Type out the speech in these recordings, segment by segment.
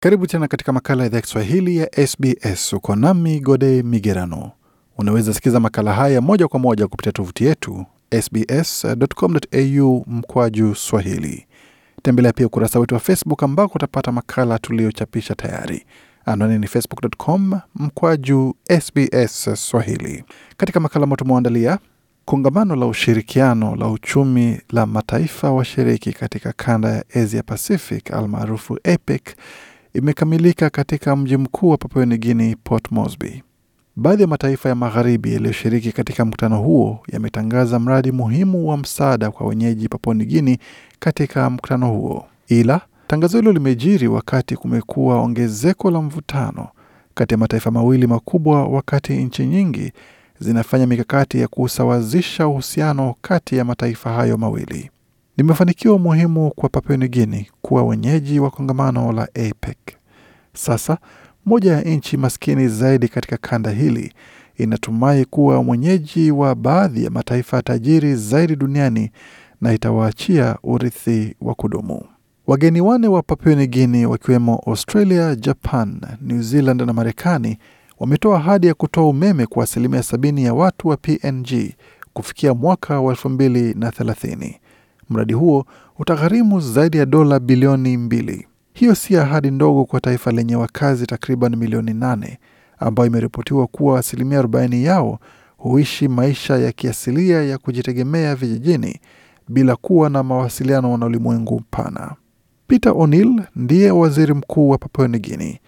Karibu tena katika makala ya idhaa ya Kiswahili ya SBS. Uko nami Gode Migerano. Unaweza sikiza makala haya moja kwa moja kupitia tovuti yetu sbs.com.au mkwaju swahili. Tembelea pia ukurasa wetu wa Facebook ambako utapata makala tuliyochapisha tayari. Anwani ni facebook.com mkwaju SBS Swahili. Katika makala ambayo tumewaandalia, kongamano la ushirikiano la uchumi la mataifa washiriki katika kanda ya Asia Pacific almaarufu APEC imekamilika katika mji mkuu wa Papua New Guinea, Port Moresby. Baadhi ya mataifa ya magharibi yaliyoshiriki katika mkutano huo yametangaza mradi muhimu wa msaada kwa wenyeji Papua New Guinea katika mkutano huo, ila tangazo hilo limejiri wakati kumekuwa ongezeko la mvutano kati ya mataifa mawili makubwa, wakati nchi nyingi zinafanya mikakati ya kusawazisha uhusiano kati ya mataifa hayo mawili. Ni mafanikio muhimu kwa Papua Nigini kuwa wenyeji wa kongamano la APEC. Sasa moja ya nchi maskini zaidi katika kanda hili inatumai kuwa mwenyeji wa baadhi ya mataifa tajiri zaidi duniani na itawaachia urithi wa kudumu. Wageni wane wa Papua Nigini wakiwemo Australia, Japan, New Zealand na Marekani wametoa ahadi ya kutoa umeme kwa asilimia sabini ya watu wa PNG kufikia mwaka wa elfu mbili na thelathini. Mradi huo utagharimu zaidi ya dola bilioni mbili. Hiyo si ahadi ndogo kwa taifa lenye wakazi takriban milioni nane ambayo imeripotiwa kuwa asilimia 40 yao huishi maisha ya kiasilia ya kujitegemea vijijini bila kuwa na mawasiliano na ulimwengu mpana. Peter O'Neill ndiye waziri mkuu wa Papua New Guinea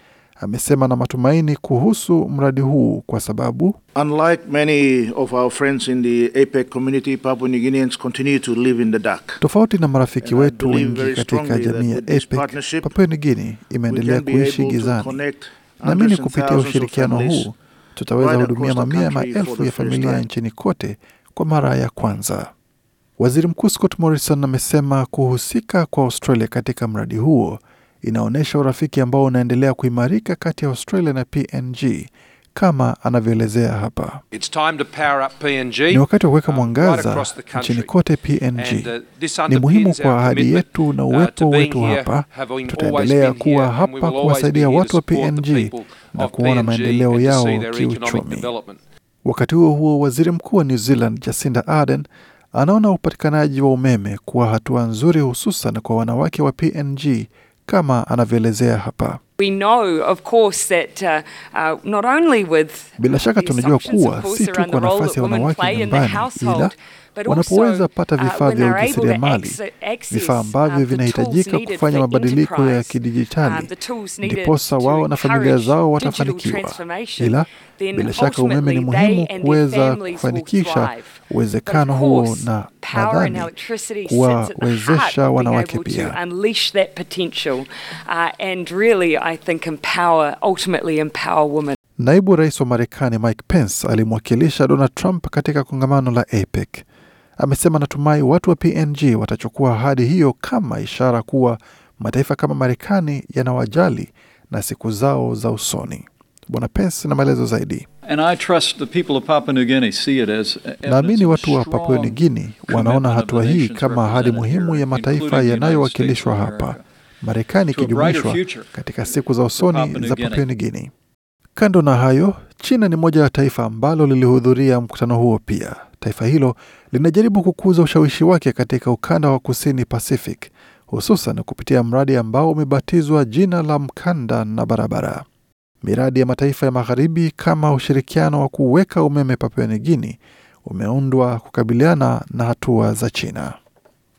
amesema na matumaini kuhusu mradi huu kwa sababu Unlike many of our friends in the APEC community, Papua New Guineans continue to live in the dark. Tofauti na marafiki wetu wengi katika jamii ya APEC, Papua New Guinea imeendelea kuishi gizani. Naamini kupitia ushirikiano huu tutaweza hudumia mamia ya maelfu ya familia nchini kote kwa mara ya kwanza. Waziri Mkuu Scott Morrison amesema kuhusika kwa Australia katika mradi huo inaonyesha urafiki ambao unaendelea kuimarika kati ya Australia na PNG kama anavyoelezea hapa. It's time to power up PNG, ni wakati wa kuweka um, mwangaza right nchini kote PNG. Uh, ni muhimu kwa ahadi yetu na uh, uwepo uh, wetu hapa. Tutaendelea kuwa hapa kuwasaidia watu wa PNG na kuona maendeleo yao kiuchumi. Wakati huo huo, waziri mkuu wa New Zealand Jacinda Ardern anaona upatikanaji wa umeme kuwa hatua nzuri, hususan kwa wanawake wa PNG kama anavyoelezea hapa. We know, of course, that, uh, uh, not only with bila shaka tunajua kuwa si tu kwa nafasi ya wanawake nyumbani, ila wanapoweza pata uh, vifaa vya ujasiriamali, vifaa ambavyo uh, vinahitajika kufanya mabadiliko ya uh, kidijitali, ndiposa wao na familia zao watafanikiwa, ila bila shaka umeme ni muhimu kuweza kufanikisha uwezekano huo, na nadhani kuwawezesha wanawake pia. Uh, Naibu rais wa Marekani Mike Pence alimwakilisha Donald Trump katika kongamano la APEC. Amesema natumai watu wa PNG watachukua ahadi hiyo kama ishara kuwa mataifa kama Marekani yanawajali na siku zao za usoni. Bwana Pence na maelezo zaidi. Naamini watu wa Papua New Guinea wanaona hatua hii kama ahadi muhimu ya mataifa yanayowakilishwa hapa, Marekani ikijumuishwa katika siku za usoni za Papua New Guinea. Kando na hayo, China ni moja ya taifa ambalo lilihudhuria mkutano huo pia. Taifa hilo linajaribu kukuza ushawishi wake katika ukanda wa kusini Pacific, hususan kupitia mradi ambao umebatizwa jina la mkanda na barabara. Miradi ya mataifa ya magharibi kama ushirikiano wa kuweka umeme Papua New Guinea umeundwa kukabiliana na hatua za China.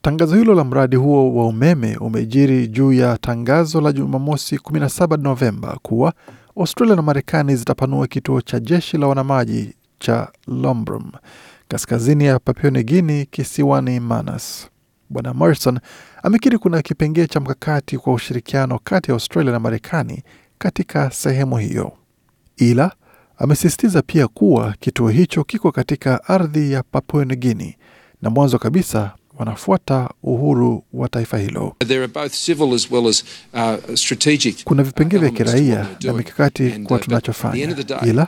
Tangazo hilo la mradi huo wa umeme umejiri juu ya tangazo la Jumamosi 17 Novemba kuwa Australia na Marekani zitapanua kituo cha jeshi la wanamaji cha Lombrum kaskazini ya Papua New Guinea kisiwani Manus. Bwana Morrison amekiri kuna kipengee cha mkakati kwa ushirikiano kati ya Australia na Marekani katika sehemu hiyo, ila amesisitiza pia kuwa kituo hicho kiko katika ardhi ya Papua New Guinea na mwanzo kabisa wanafuata uhuru wa taifa hilo. Well as, uh, kuna vipengee vya kiraia na mikakati kwa uh, tunachofanya, ila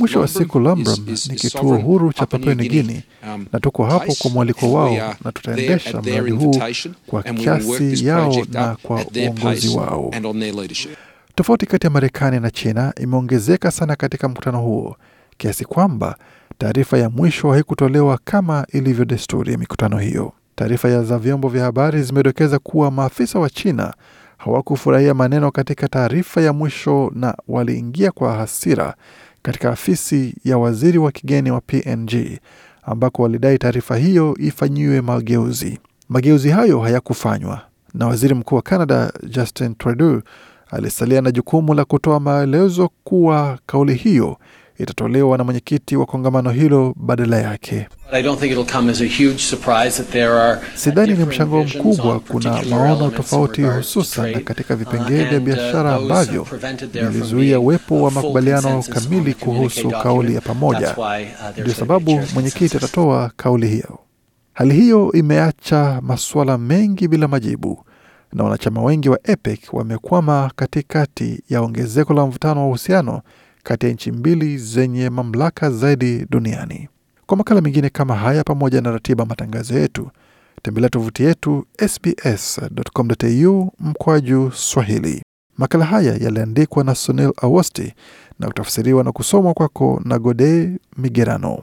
mwisho wa siku Lambram ni kituo huru cha Papua New Guinea um, na tuko hapo kwa mwaliko wao na tutaendesha mradi huu kwa kiasi yao na kwa uongozi wao. Tofauti kati ya Marekani na China imeongezeka sana katika mkutano huo kiasi kwamba taarifa ya mwisho haikutolewa kama ilivyo desturi ya mikutano hiyo. Taarifa za vyombo vya habari zimedokeza kuwa maafisa wa China hawakufurahia maneno katika taarifa ya mwisho na waliingia kwa hasira katika afisi ya waziri wa kigeni wa PNG ambako walidai taarifa hiyo ifanyiwe mageuzi. Mageuzi hayo hayakufanywa na waziri mkuu wa Canada Justin Trudeau alisalia na jukumu la kutoa maelezo kuwa kauli hiyo itatolewa na mwenyekiti wa kongamano hilo badala yake. Sidhani ni mchango mkubwa. Kuna maono tofauti, hususan katika uh, vipengee vya uh, biashara ambavyo vilizuia uwepo wa makubaliano kamili kuhusu kauli ya pamoja. Uh, Ndio sababu mwenyekiti atatoa kauli hiyo. Hali hiyo imeacha masuala mengi bila majibu na wanachama wengi wa EPIC wamekwama katikati ya ongezeko la mvutano wa uhusiano kati ya nchi mbili zenye mamlaka zaidi duniani. Kwa makala mengine kama haya, pamoja na ratiba matangazo yetu, tembelea tovuti yetu sbs.com.au mkwaju Swahili. Makala haya yaliandikwa na Sunil Awosti na kutafsiriwa na kusomwa kwako na Gode Migerano.